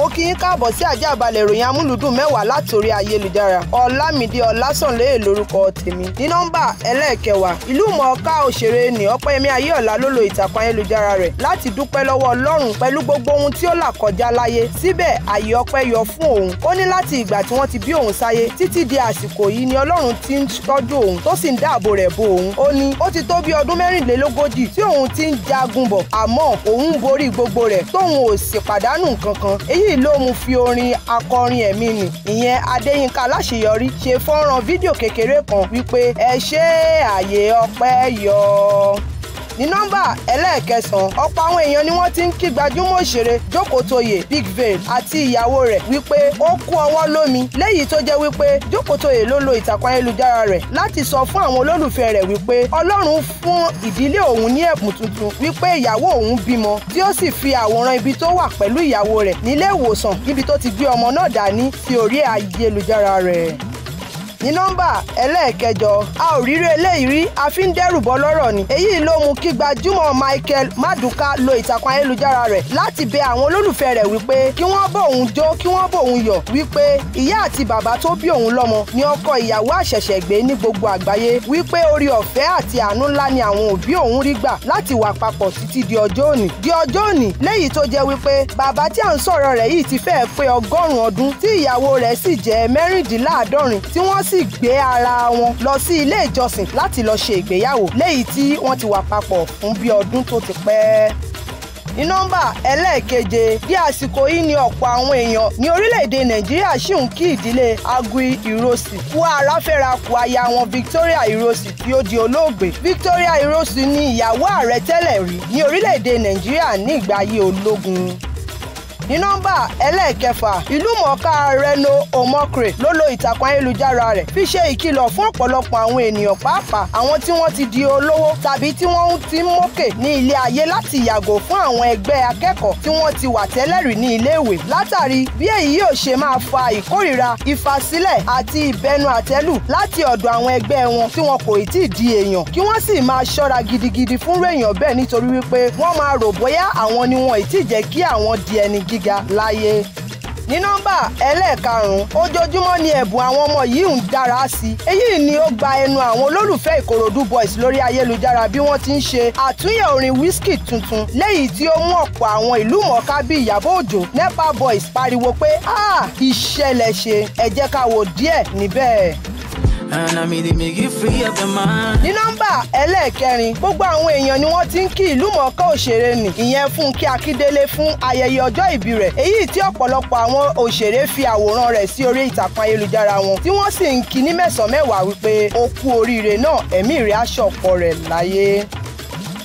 mo kí yín káàbọ̀ sí àjàbalẹ̀ ìròyìn amúlùdùn mẹ́wàá látòrí ayélujára ọ̀làmídé ọ̀làsànlẹ̀ lórúkọ tèmi ní nọ́mbà ẹlẹ́ẹ̀kẹwàá ìlú mọ̀ọ́ká òṣèré ni ọ̀pẹ́yẹmí ayéọ̀lá ló lo ìtàkùn ayélujára rẹ̀ láti dúpẹ́ lọ́wọ́ ọlọ́run pẹ̀lú gbogbo ohun tí ó là kọjá láyé síbẹ̀ àyè ọpẹ́ yọ fún òun ó ní láti ìgbà tí wọ́n ti bí òun sáyé títí di àsìkò yìí ni ọlọ́run ti ń tọ́jú òun tó sì ń dáàbò rẹ̀ bo òun ó ní ó ti tó bí ọdún mẹ́rìnlélógójì tí òun ti ń jagun bọ̀ àmọ́ òun borí gbogbo rẹ̀ tóun ò sì pàdánù nǹkan èyí sì ló mú fi orin akọrin ẹ̀mí nì ìyẹn adéyínká aláṣeyọrí ṣe fọ́nrán fídíò kékeré kan wípé ẹ ṣe àyè ọpẹ́ yọ ní nọ́mbà ẹlẹ́ẹ̀kẹsàn-án ọ̀pọ̀ àwọn èèyàn ni wọ́n ti ń kí gbajúmọ̀ òṣèré jókòtóyè big vein àti ìyàwó rẹ̀ wípé ó kú ọwọ́ lómi léyìí tó jẹ́ wípé jókòtóyè ló lo ìtàkùn ayélujára rẹ̀ láti sọ fún àwọn olólùfẹ́ rẹ̀ wípé ọlọ́run fún ìdílé òun ní ẹ̀bùn tuntun wípé ìyàwó òun bímọ tí ó sì fi àwòrán ibi tó wà pẹ̀lú ìyàwó rẹ̀ nílé ìwòsàn níbi tó ti gbé ọmọ náà dání sí orí ayélujára rẹ̀ ní nọ́mbà ẹlẹ́ẹ̀kẹjọ a ò rírí eléyìí rí a fi ń dẹ́rù bọ́ lọ́rọ̀ ni èyí ló mú kí gbajúmọ̀ Michael Maduka lo ìtàkùn ayélujára rẹ̀ láti bẹ àwọn olólùfẹ́ rẹ̀ wípé kí wọ́n bọ̀ òun jó kí wọ́n bọ̀ òun yọ̀ wípé ìyá àti bàbá tó bí òun lọ́mọ ni ọkọ ìyàwó àṣẹ̀ṣẹ̀gbé ní gbogbo àgbáyé wípé orí ọ̀fẹ́ àti àánú ńlá ni àwọn òbí òun rí gbà láti wà papọ̀ títí di ọjọ́ òní di ọjọ́ òní léyìí tó jẹ́ wípé bàbá tí à ń sọ̀rọ̀ rẹ̀ yìí ti fẹ́ẹ́ pé ọgọ́rùn ọdún tí ìyàwó rẹ̀ sì jẹ́ mẹ́rìndínláàádọ́rin tí wọ́n sì gbé ara wọn lọ sí ilé ìjọsìn láti lọ ṣe ìgbéyàwó léyìí tí wọ́n ti wà papọ̀ fún bí ọdún tó ti pẹ́ ní nọ́mbà ẹlẹ́ẹ̀keje bí àsìkò yìí ni ọ̀pọ̀ àwọn èèyàn ní orílẹ̀-èdè nàìjíríà ṣì ń kí ìdílé agui irosi kú aráfẹ́ra kú aya wọn victoria irosi tí ó di olóògbé victoria irosi ni ìyàwó ààrẹ tẹ́lẹ̀ rí ní orílẹ̀-èdè nàìjíríà ní ìgbà ayé ológun ní nọ́mbà ẹlẹ́ẹ̀kẹfà ìlúmọ̀ọ́ká Reno Omokre ló lo ìtàkùn ayélujára rẹ̀ fi ṣe ìkìlọ̀ fún ọ̀pọ̀lọpọ̀ àwọn ènìyàn pàápàá àwọn tí wọ́n ti di olówó tàbí tí wọ́n ti ń mókè ní ilé ayé láti yàgò fún àwọn ẹgbẹ́ akẹ́kọ̀ọ́ tí wọ́n ti wà tẹ́lẹ̀rí ní iléèwé látàrí bí èyí yóò ṣe máa fa ìkórìíra ìfàsílẹ̀ àti ìbẹnu àtẹ́lù láti ọ̀dọ̀ àwọn ẹgbẹ́ wọn tí wọn kò tí ì di èèyàn kí wọ́n sì máa ṣọ́ra gidigidi fúnrú èèyàn bẹ́ẹ̀ nítorí wípé wọ́n máa rò bóyá àwọn ni wọn ì gíga láyé ní nọ́mbà ẹlẹ́ẹ̀karùn-ún ojoojúmọ́ ni ẹ̀bùn àwọn ọmọ yìí ń dára sí i èyí ni ó gba ẹnu àwọn olólùfẹ́ ìkòròdú boys lórí ayélujára bí wọ́n ti ń ṣe àtúnyẹ̀ orin whisky tuntun léyìí tí ó mú ọ̀pọ̀ àwọn ìlú mọ̀ọ́ká bíi ìyàbọ̀ òjò nepa boys pariwo pé ah ìṣẹ̀lẹ̀ ṣe ẹ jẹ́ ká wo díẹ̀ níbẹ̀. And I mean, they make you free of the mind. You know ẹlẹ́ẹ̀kẹrin gbogbo àwọn èèyàn ni wọ́n ti ń kí ìlú mọ̀ọ́ká òṣèré nì ìyẹn Fúnkẹ́ Akíndélé fún ayẹyẹ ọjọ́ ìbí rẹ̀ èyí tí ọ̀pọ̀lọpọ̀ àwọn òṣèré fi àwòrán rẹ̀ sí orí ìtàkùn ayélujára wọn tí wọ́n sì ń kí ní mẹ́sàn-án mẹ́wàá wípé ó kú oríire náà ẹ̀mí rẹ̀ aṣọ ọ̀pọ̀ rẹ̀ láyé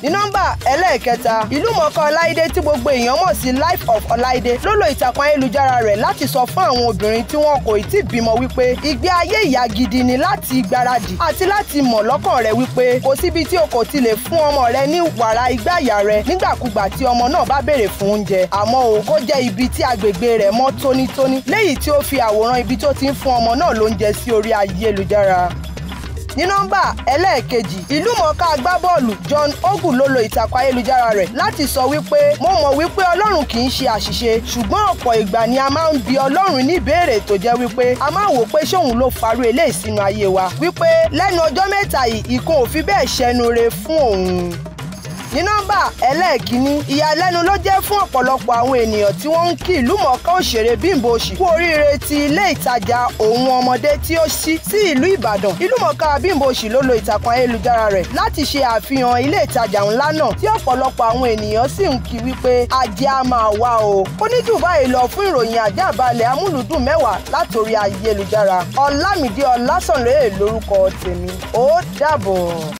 ní nọ́mbà ẹlẹ́ẹ̀kẹta ìlúmọ̀ọ́ká ọláìdé tí gbogbo èèyàn mọ̀ sí life of ọláìdé ló lo ìtàkùn ayélujára rẹ̀ láti sọ fún àwọn obìnrin tí wọn kò tí ì bímọ wípé ìgbé ayé ìyá gidi ni láti gbáradì àti láti mọ̀ lọ́kàn rẹ wípé kò síbi tí o kò ti lè fún ọmọ rẹ ní wàrà ìgbáyà rẹ nígbàkúgbà tí ọmọ náà bá béèrè fún oúnjẹ àmọ́ o kó jẹ́ ibi tí agbègbè rẹ̀ mọ́ tónítóní léyìí tí ó fi àwòrán ibi tó ti ń fún ọmọ náà lóúnjẹ sí orí ayélujára ní nọ́mbà ẹlẹ́ẹ̀kejì ìlúmọ̀ọ́ká agbábọ́ọ̀lù John Ogu ló lo ìtàkùn ayélujára rẹ̀ láti sọ wípé mo mọ̀ wípé Ọlọ́run kì í ṣe àṣìṣe ṣùgbọ́n ọ̀pọ̀ ìgbà ni a máa ń bi Ọlọ́run ní ìbéèrè tó jẹ́ wípé a máa wò pé ṣóun ló farú eléyìí sínú ayé wa wípé lẹ́nu ọjọ́ mẹ́ta yìí ìkan ò bẹ́ẹ̀ ṣẹnu re fún òun ní nọ́mbà ẹlẹ́ẹ̀kínní ìyàlẹ́nu ló jẹ́ fún ọ̀pọ̀lọpọ̀ àwọn ènìyàn tí wọ́n ń kí ìlú mọ̀ọ́ká òṣèré Bímbọ́ Òṣì kú oríire ti ilé ìtajà ohun ọmọdé tí ó ṣí sí ìlú Ìbàdàn ìlú mọ̀ọ́ká Bímbọ́ Òṣì ló lo ìtàkùn ayélujára rẹ̀ láti ṣe àfihàn ilé ìtajà ńlá náà tí ọ̀pọ̀lọpọ̀ àwọn ènìyàn sì ń kí wípé ajé á máa wá o ó ní jù báyìí lọ fún ìròyìn àjábalẹ̀ amúlùdùn mẹ́wàá látòrí ayélujára Ọlámídé Ọlásànlóye lórúkọ tèmi ó dàbọ̀.